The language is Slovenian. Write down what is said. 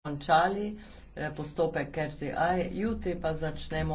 končali eh, postopek CRTI, jutri pa začnemo